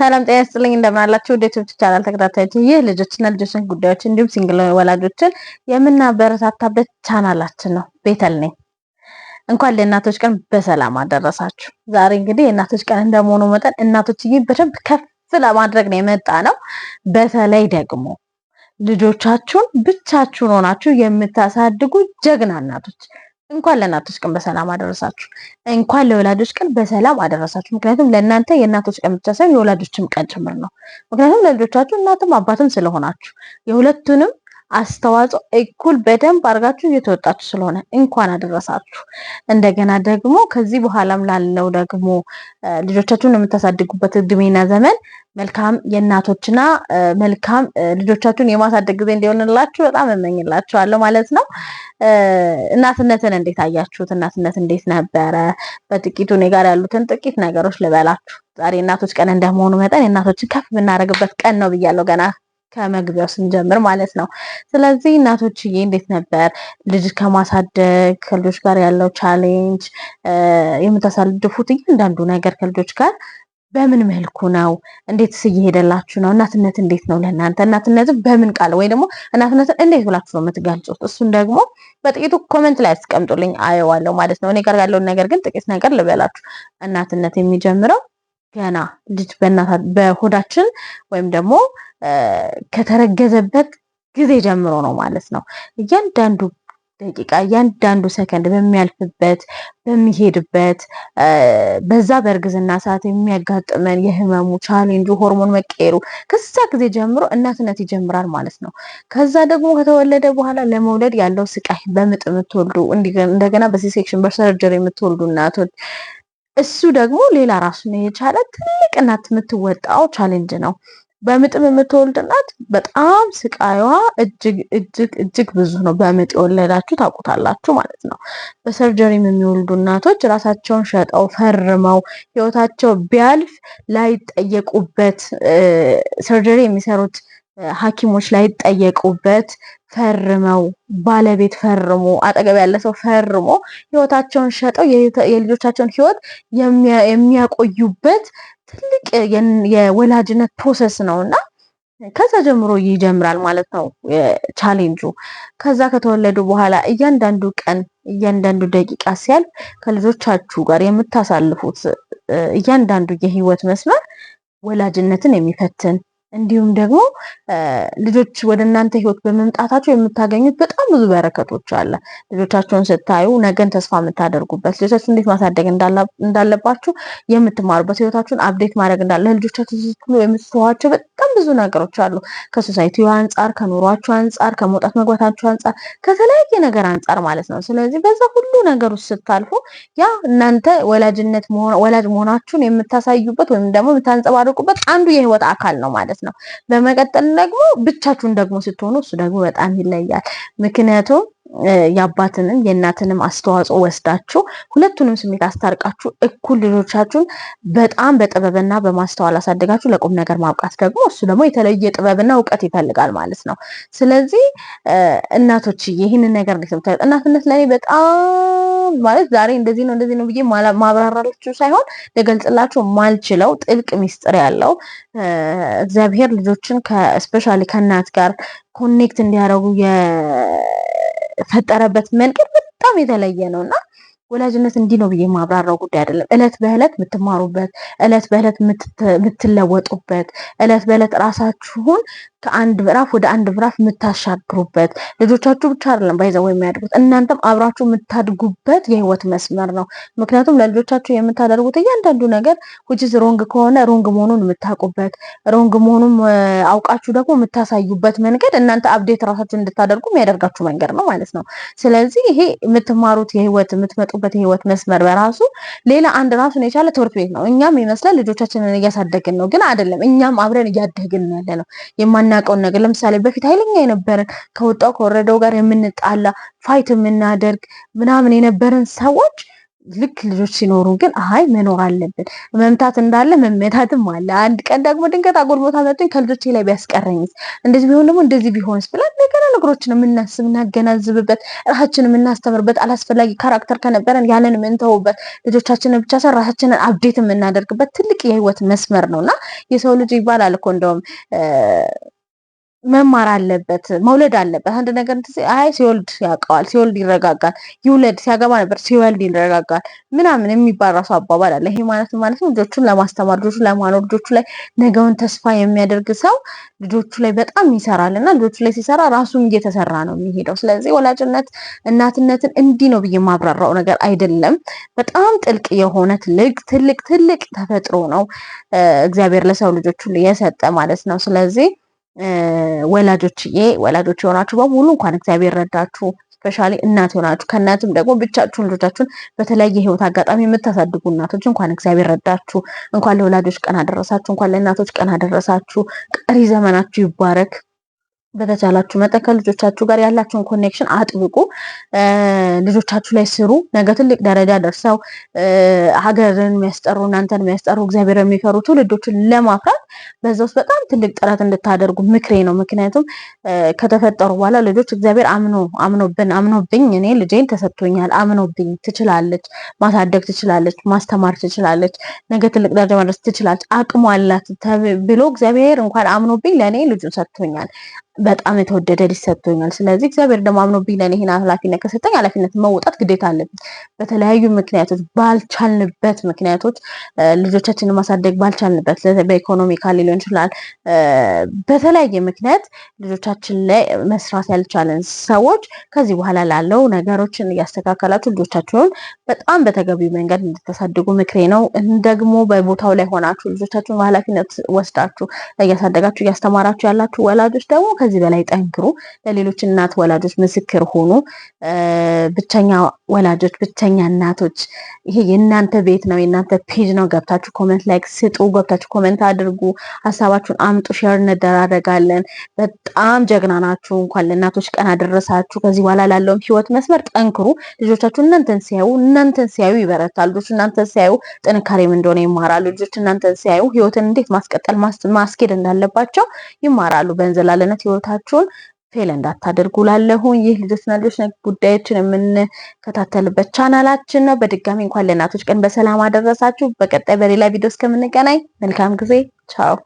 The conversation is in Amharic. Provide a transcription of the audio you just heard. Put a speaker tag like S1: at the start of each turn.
S1: ሰላም ጤና ይስጥልኝ እንደምናላችሁ ወደ ዩቲዩብ ቻናል ተከታታዮች፣ ይህ ልጆችና ልጆችን ጉዳዮች እንዲሁም ሲንግል ወላጆችን የምናበረታታበት ቻናላችን ነው። ቤተል ነኝ። እንኳን ለእናቶች ቀን በሰላም አደረሳችሁ። ዛሬ እንግዲህ የእናቶች ቀን እንደመሆኑ መጠን እናቶችዬ በደንብ ከፍ ለማድረግ ነው የመጣ ነው። በተለይ ደግሞ ልጆቻችሁን ብቻችሁን ሆናችሁ የምታሳድጉ ጀግና እናቶች እንኳን ለእናቶች ቀን በሰላም አደረሳችሁ። እንኳን ለወላጆች ቀን በሰላም አደረሳችሁ። ምክንያቱም ለእናንተ የእናቶች ቀን ብቻ ሳይሆን የወላጆችም ቀን ጭምር ነው። ምክንያቱም ለልጆቻችሁ እናትም አባትም ስለሆናችሁ የሁለቱንም አስተዋጽኦ እኩል በደንብ አድርጋችሁ እየተወጣችሁ ስለሆነ እንኳን አደረሳችሁ። እንደገና ደግሞ ከዚህ በኋላም ላለው ደግሞ ልጆቻችሁን የምታሳድጉበት እድሜና ዘመን መልካም የእናቶችና መልካም ልጆቻችሁን የማሳደግ ጊዜ እንዲሆንላችሁ በጣም እመኝላችኋለሁ ማለት ነው። እናትነትን እንዴት አያችሁት? እናትነት እንዴት ነበረ? በጥቂቱ እኔ ጋር ያሉትን ጥቂት ነገሮች ልበላችሁ። ዛሬ እናቶች ቀን እንደመሆኑ መጠን የእናቶችን ከፍ የምናደርግበት ቀን ነው ብያለሁ ገና ከመግቢያው ስንጀምር ማለት ነው። ስለዚህ እናቶችዬ እንዴት ነበር ልጅ ከማሳደግ ከልጆች ጋር ያለው ቻሌንጅ፣ የምታሳልፉት እያንዳንዱ ነገር ከልጆች ጋር በምን መልኩ ነው? እንዴትስ እየሄደላችሁ ነው? እናትነት እንዴት ነው ለእናንተ? እናትነት በምን ቃል ወይ ደግሞ እናትነትን እንዴት ብላችሁ ነው የምትገልጹት? እሱን ደግሞ በጥቂቱ ኮመንት ላይ አስቀምጡልኝ፣ አየዋለሁ ማለት ነው። እኔ ጋር ያለውን ነገር ግን ጥቂት ነገር ልበላችሁ። እናትነት የሚጀምረው ገና ልጅ በሆዳችን ወይም ደግሞ ከተረገዘበት ጊዜ ጀምሮ ነው ማለት ነው። እያንዳንዱ ደቂቃ እያንዳንዱ ሰከንድ በሚያልፍበት በሚሄድበት በዛ በእርግዝና ሰዓት የሚያጋጥመን የህመሙ ቻሌንጁ ሆርሞን መቀየሩ ከዛ ጊዜ ጀምሮ እናትነት ይጀምራል ማለት ነው። ከዛ ደግሞ ከተወለደ በኋላ ለመውለድ ያለው ስቃይ በምጥ የምትወልዱ እንደገና በሲሴክሽን በሰርጀር የምትወልዱ እናቶች እሱ ደግሞ ሌላ ራሱን የቻለ ትልቅ እናት የምትወጣው ቻሌንጅ ነው። በምጥም የምትወልድ እናት በጣም ስቃይዋ እጅግ እጅግ እጅግ ብዙ ነው። በምጥ የወለዳችሁ ታውቁታላችሁ ማለት ነው። በሰርጀሪም የሚወልዱ እናቶች ራሳቸውን ሸጠው ፈርመው ህይወታቸው ቢያልፍ ላይጠየቁበት ሰርጀሪ የሚሰሩት ሐኪሞች ላይ ጠየቁበት ፈርመው ባለቤት ፈርሞ አጠገብ ያለ ሰው ፈርሞ ህይወታቸውን ሸጠው የልጆቻቸውን ህይወት የሚያቆዩበት ትልቅ የወላጅነት ፕሮሰስ ነው እና ከዛ ጀምሮ ይጀምራል ማለት ነው ቻሌንጁ። ከዛ ከተወለዱ በኋላ እያንዳንዱ ቀን እያንዳንዱ ደቂቃ ሲያልፍ ከልጆቻችሁ ጋር የምታሳልፉት እያንዳንዱ የህይወት መስመር ወላጅነትን የሚፈትን እንዲሁም ደግሞ ልጆች ወደ እናንተ ህይወት በመምጣታቸው የምታገኙት በጣም ብዙ በረከቶች አለ። ልጆቻቸውን ስታዩ ነገን ተስፋ የምታደርጉበት፣ ልጆቻችሁ እንዴት ማሳደግ እንዳለባችሁ የምትማሩበት፣ ህይወታችሁን አብዴት ማድረግ እንዳለ ልጆቻችሁ ስትሉ የምትተዋቸው በጣም ብዙ ነገሮች አሉ። ከሶሳይቲ አንጻር፣ ከኑሯችሁ አንጻር፣ ከመውጣት መግባታችሁ አንጻር፣ ከተለያየ ነገር አንጻር ማለት ነው። ስለዚህ በዛ ሁሉ ነገር ውስጥ ስታልፉ ያ እናንተ ወላጅነት ወላጅ መሆናችሁን የምታሳዩበት ወይም ደግሞ የምታንጸባርቁበት አንዱ የህይወት አካል ነው ማለት ነው። ማለት ነው። በመቀጠል ደግሞ ብቻችሁን ደግሞ ስትሆኑ እሱ ደግሞ በጣም ይለያል። ምክንያቱም የአባትንም የእናትንም አስተዋጽኦ ወስዳችሁ ሁለቱንም ስሜት አስታርቃችሁ እኩል ልጆቻችሁን በጣም በጥበብና በማስተዋል አሳድጋችሁ ለቁም ነገር ማብቃት ደግሞ እሱ ደግሞ የተለየ ጥበብና እውቀት ይፈልጋል ማለት ነው። ስለዚህ እናቶች ይህንን ነገር እንዴት እናትነት ለእኔ በጣም ማለት ዛሬ እንደዚህ ነው እንደዚህ ነው ብዬ ማብራራላችሁ ሳይሆን ልገልጽላችሁ ማልችለው ጥልቅ ሚስጥር ያለው እግዚአብሔር ልጆችን ስፔሻሊ ከእናት ጋር ኮኔክት እንዲያደርጉ የፈጠረበት መንገድ በጣም የተለየ ነው እና ወላጅነት እንዲህ ነው ብዬ የማብራራው ጉዳይ አይደለም። እለት በእለት የምትማሩበት፣ እለት በእለት የምትለወጡበት፣ እለት በእለት ራሳችሁን ከአንድ ምዕራፍ ወደ አንድ ምዕራፍ የምታሻግሩበት ልጆቻችሁ ብቻ አይደለም ባይዘው የሚያድጉት እናንተም አብራችሁ የምታድጉበት የህይወት መስመር ነው። ምክንያቱም ለልጆቻችሁ የምታደርጉት እያንዳንዱ ነገር ውጭ ሮንግ ከሆነ ሮንግ መሆኑን የምታውቁበት ሮንግ መሆኑን አውቃችሁ ደግሞ የምታሳዩበት መንገድ እናንተ አብዴት ራሳችሁን እንድታደርጉ የሚያደርጋችሁ መንገድ ነው ማለት ነው። ስለዚህ ይሄ የምትማሩት የህይወት የምትመጡበት የህይወት መስመር በራሱ ሌላ አንድ ራሱን የቻለ ትምህርት ቤት ነው። እኛም ይመስላል ልጆቻችንን እያሳደግን ነው፣ ግን አይደለም። እኛም አብረን እያደግን ያለ ነው የማናውቀውን ነገር ለምሳሌ በፊት ኃይለኛ የነበረን ከወጣው ከወረደው ጋር የምንጣላ ፋይት የምናደርግ ምናምን የነበረን ሰዎች ልክ ልጆች ሲኖሩ ግን አይ መኖር አለብን መምታት እንዳለ መመታትም አለ። አንድ ቀን ደግሞ ድንገት ቦታ መጡኝ ከልጆቼ ላይ ቢያስቀረኝስ፣ እንደዚህ ቢሆን ደግሞ እንደዚህ ቢሆንስ ብላ ነገና ነገሮችን የምናስብ እናገናዝብበት፣ ራሳችን የምናስተምርበት፣ አላስፈላጊ ካራክተር ከነበረን ያንን የምንተውበት፣ ልጆቻችንን ብቻ ሳይሆን ራሳችንን አብዴት የምናደርግበት ትልቅ የህይወት መስመር ነው እና የሰው ልጅ ይባላል እኮ እንደውም መማር አለበት፣ መውለድ አለበት። አንድ ነገር አይ ሲወልድ ያውቀዋል፣ ሲወልድ ይረጋጋል፣ ይውለድ፣ ሲያገባ ነበር፣ ሲወልድ ይረጋጋል ምናምን የሚባል ራሱ አባባል አለ። ይሄ ማለት ማለት ነው ልጆቹን ለማስተማር ልጆቹን ለማኖር ልጆቹ ላይ ነገውን ተስፋ የሚያደርግ ሰው ልጆቹ ላይ በጣም ይሰራል እና ልጆቹ ላይ ሲሰራ ራሱም እየተሰራ ነው የሚሄደው። ስለዚህ ወላጅነት እናትነትን እንዲህ ነው ብዬ ማብራራው ነገር አይደለም። በጣም ጥልቅ የሆነ ትልቅ ትልቅ ትልቅ ተፈጥሮ ነው እግዚአብሔር ለሰው ልጆቹ የሰጠ ማለት ነው። ስለዚህ ወላጆች ዬ ወላጆች የሆናችሁ በሙሉ እንኳን እግዚአብሔር ረዳችሁ። ስፔሻሊ እናት የሆናችሁ ከእናትም ደግሞ ብቻችሁን ልጆቻችሁን በተለያየ ህይወት አጋጣሚ የምታሳድጉ እናቶች እንኳን እግዚአብሔር ረዳችሁ። እንኳን ለወላጆች ቀን አደረሳችሁ። እንኳን ለእናቶች ቀን አደረሳችሁ። ቀሪ ዘመናችሁ ይባረክ። በተቻላችሁ መጠን ከልጆቻችሁ ጋር ያላችሁን ኮኔክሽን አጥብቁ። ልጆቻችሁ ላይ ስሩ። ነገ ትልቅ ደረጃ ደርሰው ሀገርን የሚያስጠሩ እናንተን የሚያስጠሩ እግዚአብሔር የሚፈሩ ትውልዶችን ለማፍራት በዛ ውስጥ በጣም ትልቅ ጥረት እንድታደርጉ ምክሬ ነው። ምክንያቱም ከተፈጠሩ በኋላ ልጆች እግዚአብሔር አምኖ አምኖብን አምኖብኝ እኔ ልጄን ተሰጥቶኛል አምኖብኝ ትችላለች፣ ማሳደግ ትችላለች፣ ማስተማር ትችላለች፣ ነገ ትልቅ ደረጃ ማድረስ ትችላለች፣ አቅሟላት ብሎ እግዚአብሔር እንኳን አምኖብኝ ለእኔ ልጁን ሰጥቶኛል በጣም የተወደደ ልጅ ሰጥቶኛል። ስለዚህ እግዚአብሔር ደግሞ አምኖብኝ ለእኔ ይህን ኃላፊነት ከሰጠኝ ኃላፊነት መውጣት ግዴታ አለብኝ። በተለያዩ ምክንያቶች ባልቻልንበት ምክንያቶች ልጆቻችንን ማሳደግ ባልቻልንበት በኢኮኖሚ ካል ሊሆን ይችላል። በተለያየ ምክንያት ልጆቻችን ላይ መስራት ያልቻለን ሰዎች ከዚህ በኋላ ላለው ነገሮችን እያስተካከላችሁ ልጆቻችሁን በጣም በተገቢው መንገድ እንድታሳድጉ ምክሬ ነው። ደግሞ በቦታው ላይ ሆናችሁ ልጆቻችሁን በኃላፊነት ወስዳችሁ እያሳደጋችሁ እያስተማራችሁ ያላችሁ ወላጆች ደግሞ ከዚህ በላይ ጠንክሮ ለሌሎች እናት ወላጆች ምስክር ሆኖ ብቸኛ ወላጆች፣ ብቸኛ እናቶች ይሄ የእናንተ ቤት ነው፣ የእናንተ ፔጅ ነው። ገብታችሁ ኮመንት ላይክ ስጡ፣ ገብታችሁ ኮመንት አድርጉ፣ ሀሳባችሁን አምጡ፣ ሼር እንደራረጋለን። በጣም ጀግና ናችሁ። እንኳን ለእናቶች ቀን አደረሳችሁ። ከዚህ በኋላ ላለውም ህይወት መስመር ጠንክሩ። ልጆቻችሁ እናንተን ሲያዩ እናንተን ሲያዩ ይበረታል። ልጆች እናንተን ሲያዩ ጥንካሬም እንደሆነ ይማራሉ። ልጆች እናንተን ሲያዩ ህይወትን እንዴት ማስቀጠል ማስኬድ እንዳለባቸው ይማራሉ። በእንዘላለነት ህይወታችሁን ፌል እንዳታደርጉ ላለሁን ይህ ልጆችና ልጆች ጉዳዮችን የምንከታተልበት ቻናላችን ነው። በድጋሚ እንኳን ለእናቶች ቀን በሰላም አደረሳችሁ። በቀጣይ በሌላ ቪዲዮ እስከምንገናኝ መልካም ጊዜ። ቻው